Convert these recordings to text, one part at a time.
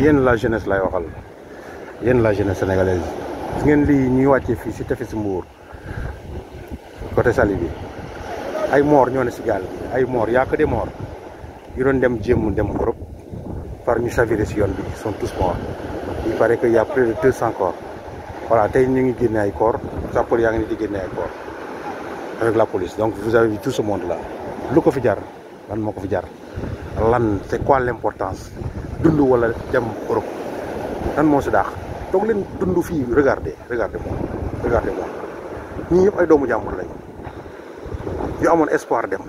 yéen la jeunesse lay waxal yéen la jeunesse sénégalaise gis ngeen lii ñuy wàccee fii si tefes Mbour côté sali bi ay moor ñoo ne si gaal bi ay moor yaa ko des moor yu doon dem jéem dem Europe par ñu savire si yoon bi son sont tous morts il paraît que y a plus de deux cent corps voilà tey ñu ngi génne ay corps sapeurs yaa ngi ni di génne ay corps avec la police donc vous avez vu tout ce monde lu ko fi jar lan moo ko fi jar lan c'est quoi l'importance dund wala dem Europe nan moo si daax toog leen dund fii regardez regardez moom regardez moom ñii ñëpp ay doomu jàmbur lañ yoo amoon espoir dem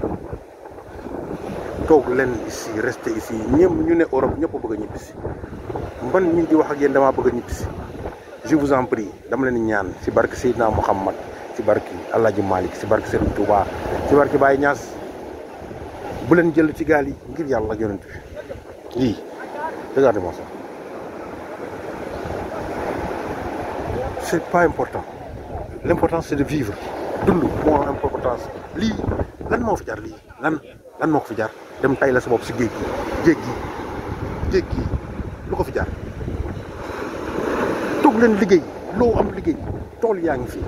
toog leen ici rester ici ñëm ñu ne Europe ñëpp bëgg a ñibbisi man ñi di wax ak yéen damaa bëgg a ñibbisi je vous en prie dama leen ñaan si barke Seydina Muhammad si barke El Hadj Malick si barke Serigne Touba ci barke Baye ñaas bu leen jël ci gaal yi ngir yàlla yonent bi lii Regardez-moi ça. C'est pas important. L'important c'est de vivre. dund moo am lii lan moo fi jar lii lan lan moo ko fi jar dem tay la sa bopp si géej gi géej gi géej gi lu ko fi jar toog leen liggéey loo am liggéey tool yaa ngi fi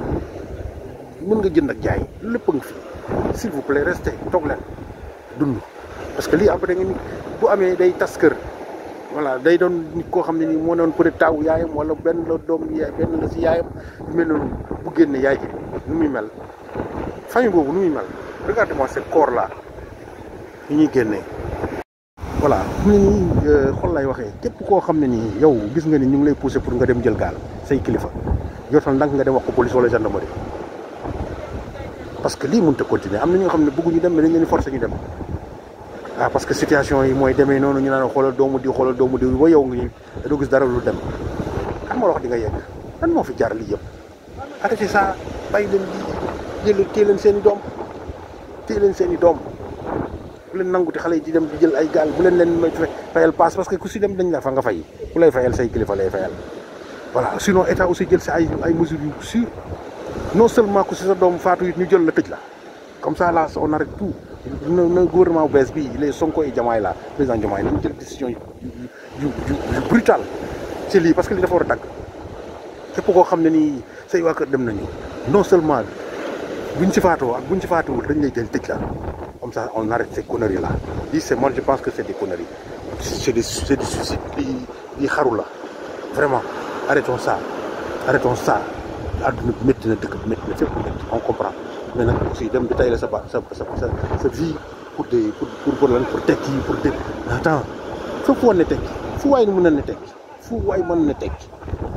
mën nga jën ak jaay lépp nga fi s'il vous plaît restez toog leen dund parce que lii après da ngeen bu amee day tas kër voilà day doon nit koo xam ne nii moo doon peut être taawu yaayam wala benn la doom yaay benn la si yaayam mel noonu bu génne yaay ji nu muy mel famille boobu nu muy mel regardez moi ce corps là yi ñuy génnee. voilà fi mu ne lay waxee képp koo xam ne nii yow gis nga ni ñu ngi lay poussé pour nga dem jël gaal say kilifa jotal ndànk nga dem wax ko police wala gendarmerie parce que lii mënut a continuer am na ñoo xam ne bëgguñu dem mais dañ leen forcer ñu dem. waaw ah, parce que situation yi mooy demee noonu ñu naan xoolal doomu diw xoolal doomu diw yow ngi doo dara lu dem am moo la wax di nga yegg lan moo fi jaar lii yëpp arrêté ça bàyyi leen di jël téye leen seen doom téye leen seen i doom bu leen nanguti xale yi di dem di jël ay gaal bu leen leen fayal paas parce que ku si dem dañ la fa nga fay ku lay fayal say kilifa lay fayal voilà no état aussi jël si ay ay mesures yu sûr non seulement ku si sa doom faatu it ñu jël la comme ça là na gouvernement bu bees bii les Sonko et Diomaye la président Diomaye nañ jël décision yu yu yu brutal ci lii parce que lii dafa war a dagg képp koo xam ne nii say waa kër dem nañu non seulement buñ ci faatoo ak buñ ci faatuwul dañu lay jël tëj la comme ça on arrête ces conneries là lii c'est moi je pense que c'est des conneries c'est des c'est des suicides lii lii xaru la vraiment arrêtons ça arrêtons ça àdduna bi métti na dëkk bi métti na fépp métti on comprend mais nag aussi dem di tayle sa ba sa sa sa vie pour de pour pour lan pour tekki pour dégg. attends fépp woon ne tekki fu waay mën na ne tekki fu waay mën na tekki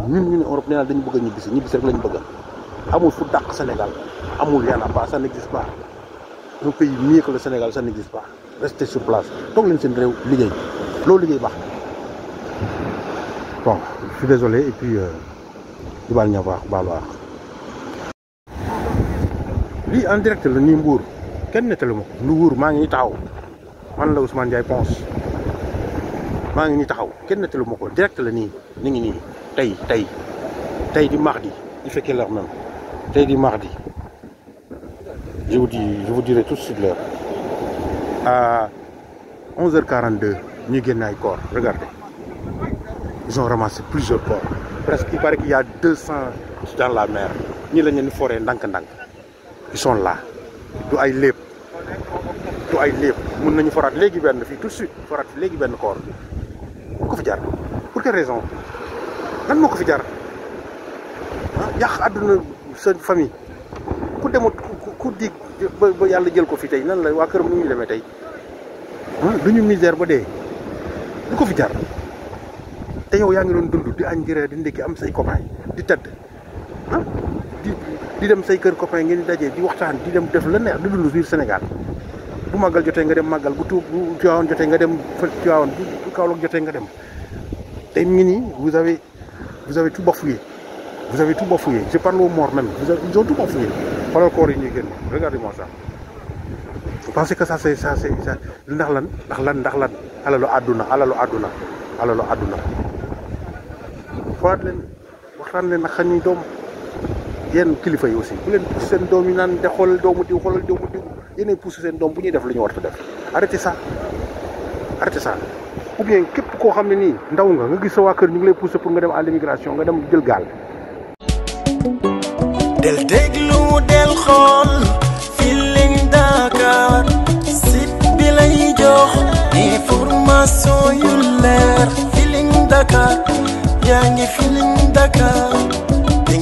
ñun ñu ne Europe nee dañu bëgg a ñibbisi ñibbisi rek lañu bëgg amul fu dàq Sénégal amul y en a pas ça n'existe pas un pays mieux que le Sénégal ça n'existe pas restez sur place toog leen seen réew liggéey loo liggéey baax na bon je suis et puis euh, di baal ñu baax baax. lii en direct la nii mbuur kenn nettalu ma nu lu maa ngi nii taxaw man la Ousmane Ndiaye Ponce maa ngi nii taxaw kenn nettalu ma ko direct la nii ni ngi nii tey tey tey di mardi il fait quelle heure même tey di mardi je vous dis je vous dirai tout de suite l'heure à 11 h génn ay corps regardez ils ont ramassé plusieurs corps presque il paraît qu'il y a 200 dans la mer ñi la ñu foree ndànk-ndànk. ils sont du ay léeb du ay léeb mun nañu foraat léegi benn fii tout suite foraat fi léegi benn corps bu ko fi jar pour quelle raison lan moo ko fi jar ah àdduna sa famille ku demut ku dig ba yàlla jël ko fi tey nan la waa kër nu ñu demee tey ah, du ñu misère ba dee du ko fi jar te yow yaa ngi doon dund di añ di reer di ndékki am say copain di tëdd ah, di dem say kër copain ngeen di daje di waxtaan di dem def la neex di dund biir Sénégal bu màggal jotee nga dem màggal bu tuub bu Tiwaawan jotee nga dem fa Tiwaawan bu jotee nga dem tey mu ngi nii vous avez vous avez tout bafouillé vous avez tout bafouillé je parle aux morts même vous avez ils ont tout bafouillé koor yi ñuy génn regardez-moi ça vous que ça c'est ça c'est ça ndax lan ndax lan ndax lan alalu àdduna alalu àdduna alalu àdduna leen waxtaan leen ak xañuy doom yéen kilifa yi aussi bu leen pousse seen doom yi naan de xoolal doomu diw xoolal doomu diw yéenay pousse seen doom bu ñuy def lu ñu war a def arrêté ça arrêté ça ou bien képp koo xam ne nii ndaw nga nga gis sa waa kër ñu ngi lay pousse pour nga dem à l'immigration nga dem jël gaal. del déglu del xool Feeling Dakar site bi lay jox information yu leer Feeling Dakar yaa ngi Feeling Dakar.